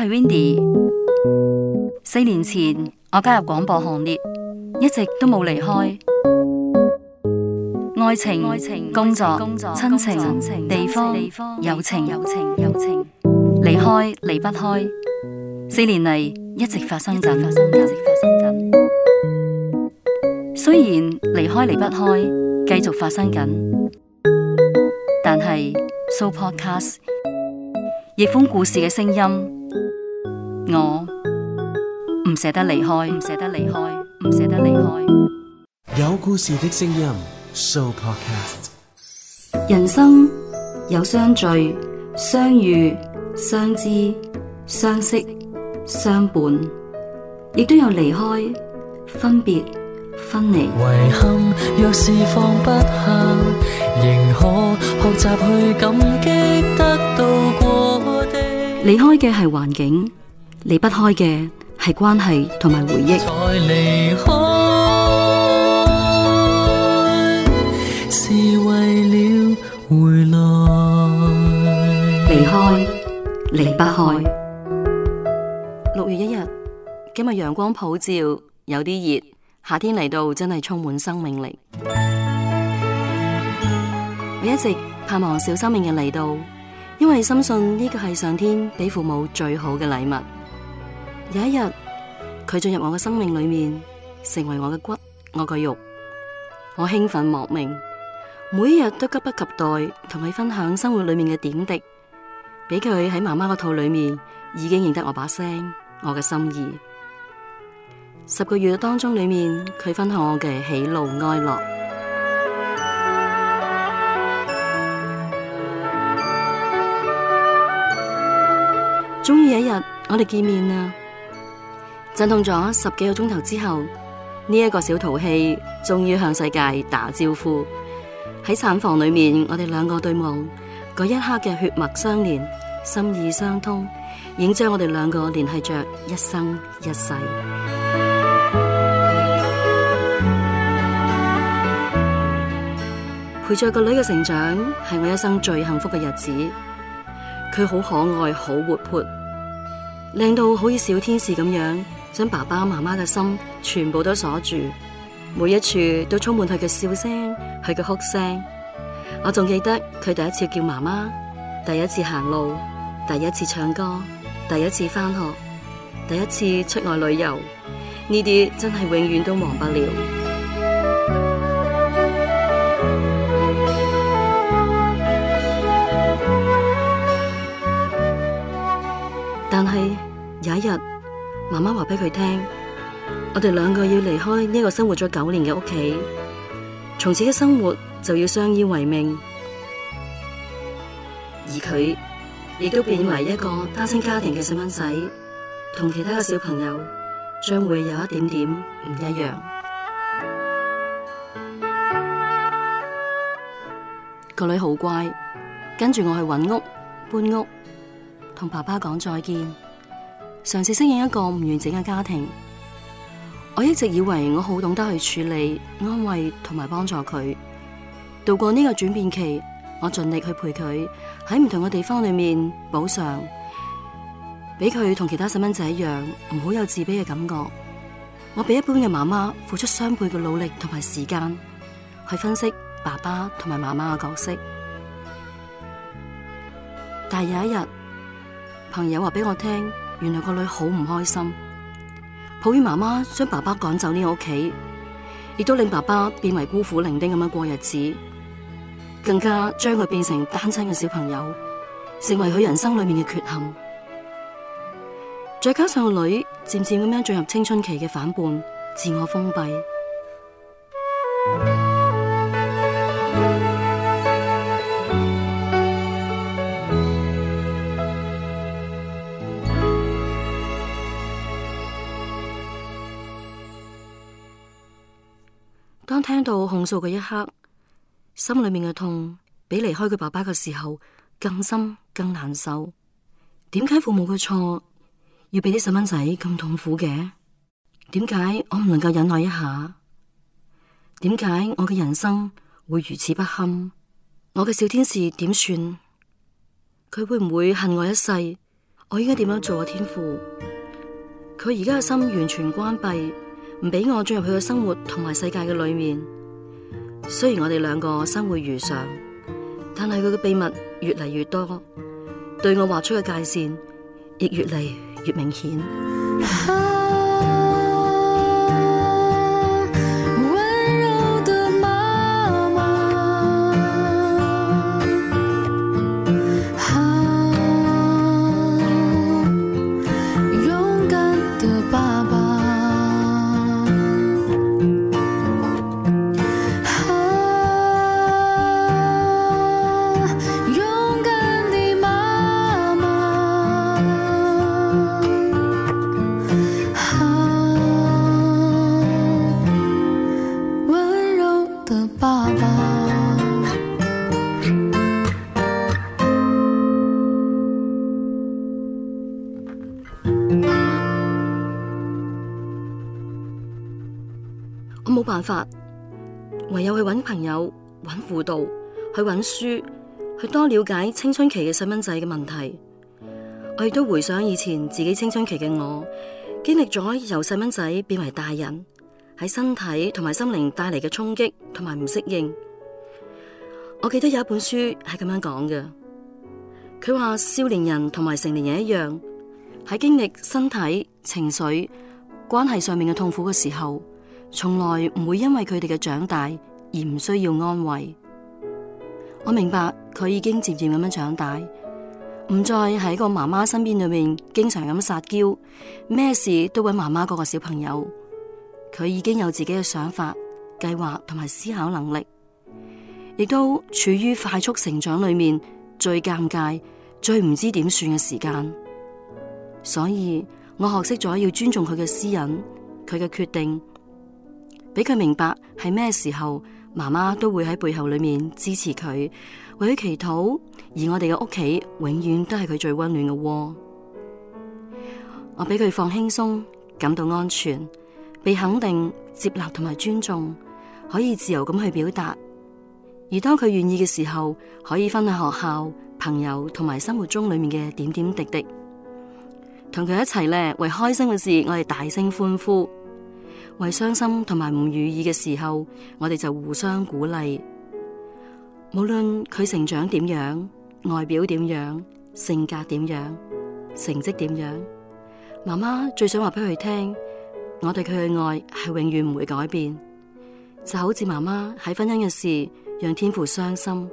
係 Wendy，四年前我加入廣播行列，一直都冇離開。愛情、愛情、工作、親情、親情、地方、親情、友情，情，離開離不開，四年嚟一直發生緊。生雖然離開離不開，繼續發生緊，但係 So Podcast 逆風故事嘅聲音。我唔捨得離開，唔捨得離開，唔捨得離開。有故事的聲音，So Podcast。人生有相聚、相遇、相知、相識、相伴，亦都有離開、分別、分離。遺憾，若是放不下，仍可學習去感激得到過的。離開嘅係環境。離不開嘅係關係同埋回憶。離開是為了回來。離開離不開。六月一日，今日陽光普照，有啲熱，夏天嚟到真係充滿生命力。我一直盼望小生命嘅嚟到，因為深信呢個係上天俾父母最好嘅禮物。有一日，佢進入我嘅生命裏面，成為我嘅骨，我嘅肉,我興奮莫名，每一日都急不及待同佢分享生活裏面嘅點滴，俾佢喺媽媽嘅肚裏面已經認得我把聲，我嘅心意。十個月嘅當中裏面，佢分享我嘅喜怒哀樂。終於有一日，我哋見面啦。陣痛咗十幾個鐘頭之後，呢一個小淘氣終於向世界打招呼。喺產房裏面，我哋兩個對望，嗰一刻嘅血脈相連、心意相通，已經將我哋兩個聯繫着一生一世。陪著個女嘅成長係我一生最幸福嘅日子。佢好可愛，好活潑，靚到好似小天使咁樣。將爸爸媽媽嘅心全部都鎖住，每一處都充滿佢嘅笑聲，佢嘅哭聲。我仲記得佢第一次叫媽媽，第一次行路，第一次唱歌，第一次返學，第一次出外旅遊。呢啲真係永遠都忘不了。 但係有一日。媽媽話俾佢聽，我哋兩個要離開呢個生活咗九年嘅屋企，從此嘅生活就要相依為命。而佢亦都變為一個單親家庭嘅細蚊仔，同其他嘅小朋友將會有一點點唔一樣。 個女好乖，跟住我去揾屋搬屋，同爸爸講再見。嘗試適應一個唔完整嘅家庭，我一直以為我好懂得去處理、安慰同埋幫助佢。度過呢個轉變期，我盡力去陪佢喺唔同嘅地方裏面補償，俾佢同其他細蚊仔一樣，唔好有自卑嘅感覺。我比一般嘅媽媽付出雙倍嘅努力同埋時間去分析爸爸同埋媽媽嘅角色。但係有一日，朋友話俾我聽。原來個女好唔開心，抱怨媽媽將爸爸趕走呢個屋企，亦都令爸爸變為孤苦伶仃咁樣過日子，更加將佢變成單親嘅小朋友，成為佢人生裏面嘅缺陷。再加上個女漸漸咁樣進入青春期嘅反叛、自我封閉。當聽到控訴嘅一刻，心裏面嘅痛比離開佢爸爸嘅時候更深、更難受。點解父母嘅錯要俾啲細蚊仔咁痛苦嘅？點解我唔能夠忍耐一下？點解我嘅人生會如此不堪？我嘅小天使點算？佢會唔會恨我一世？我應該點樣做？我天父，佢而家嘅心完全關閉。唔俾我進入佢嘅生活同埋世界嘅裏面。雖然我哋兩個生活如常，但係佢嘅秘密越嚟越多，對我畫出嘅界線亦越嚟越明顯。 法，唯有去揾朋友、揾輔導、去揾書、去多了解青春期嘅細蚊仔嘅問題。我亦都回想以前自己青春期嘅我，經歷咗由細蚊仔變為大人，喺身體同埋心靈帶嚟嘅衝擊同埋唔適應。我記得有一本書係咁樣講嘅，佢話少年人同埋成年人一樣，喺經歷身體、情緒、關係上面嘅痛苦嘅時候。從來唔會因為佢哋嘅長大而唔需要安慰。我明白佢已經漸漸咁樣長大，唔再喺個媽媽身邊裏面經常咁撒嬌，咩事都搵媽媽嗰個小朋友。佢已經有自己嘅想法、計劃同埋思考能力，亦都處於快速成長裏面最尷尬、最唔知點算嘅時間。所以我學識咗要尊重佢嘅私隱，佢嘅決定。俾佢明白係咩時候，媽媽都會喺背後裏面支持佢，為佢祈禱，而我哋嘅屋企永遠都係佢最溫暖嘅窩。我俾佢放輕鬆，感到安全，被肯定、接納同埋尊重，可以自由咁去表達。而當佢願意嘅時候，可以分享學校、朋友同埋生活中裏面嘅點點滴滴，同佢一齊呢，為開心嘅事，我哋大聲歡呼。為傷心同埋唔如意嘅時候，我哋就互相鼓勵。無論佢成長點樣、外表點樣、性格點樣、成績點樣，媽媽最想話俾佢聽：我對佢嘅愛係永遠唔會改變。就好似媽媽喺婚姻嘅事讓天父傷心，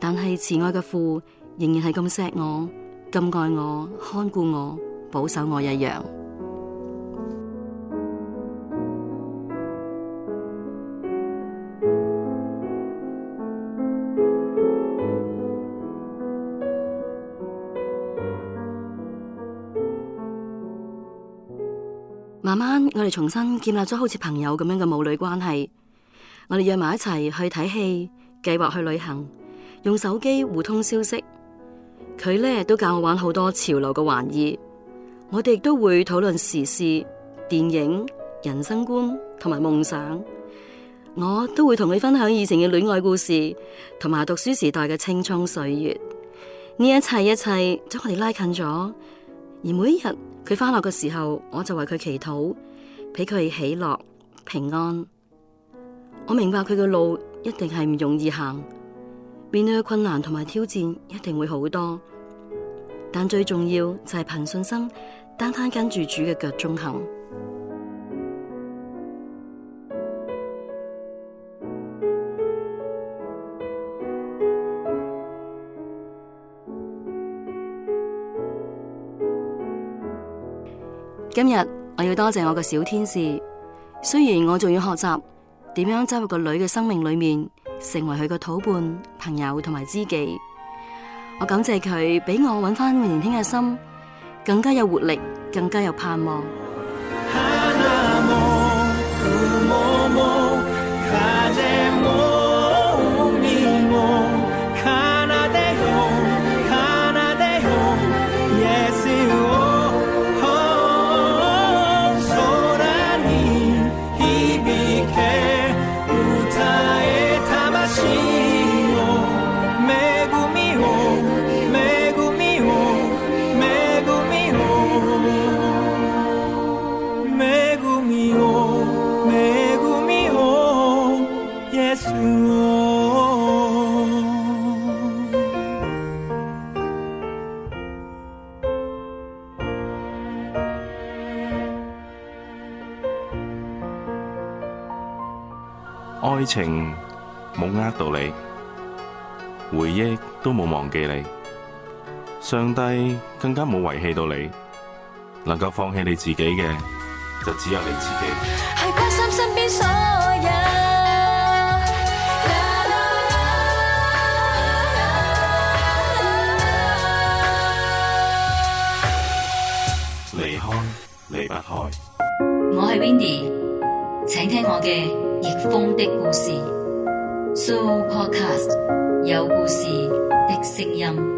但係慈愛嘅父仍然係咁錫我、咁愛我、看顧我、保守我一樣。慢慢，我哋重新建立咗好似朋友咁樣嘅母女關係。我哋約埋一齊去睇戲，計劃去旅行，用手機互通消息。佢咧都教我玩好多潮流嘅玩意。我哋亦都會討論時事、電影、人生觀同埋夢想。我都會同佢分享以前嘅戀愛故事，同埋讀書時代嘅青蔥歲月。呢一切一切將我哋拉近咗，而每一日。佢返落嘅時候，我就為佢祈禱，俾佢喜樂平安。我明白佢嘅路一定係唔容易行，面對嘅困難同埋挑戰一定會好多。但最重要就係憑信心，單單跟住主嘅腳蹤行。今日我要多謝我個小天使，雖然我仲要學習點樣走入個女嘅生命裏面，成為佢個同伴、朋友同埋知己，我感謝佢俾我揾翻年輕嘅心，更加有活力，更加有盼望。情冇呃到你，回憶都冇忘記你，上帝更加冇遺棄到你，能夠放棄你自己嘅，就只有你自己。係關心身邊所有，離 開離不開。我係 Windy，請聽我嘅。逆風的故事，So Podcast 有故事的聲音。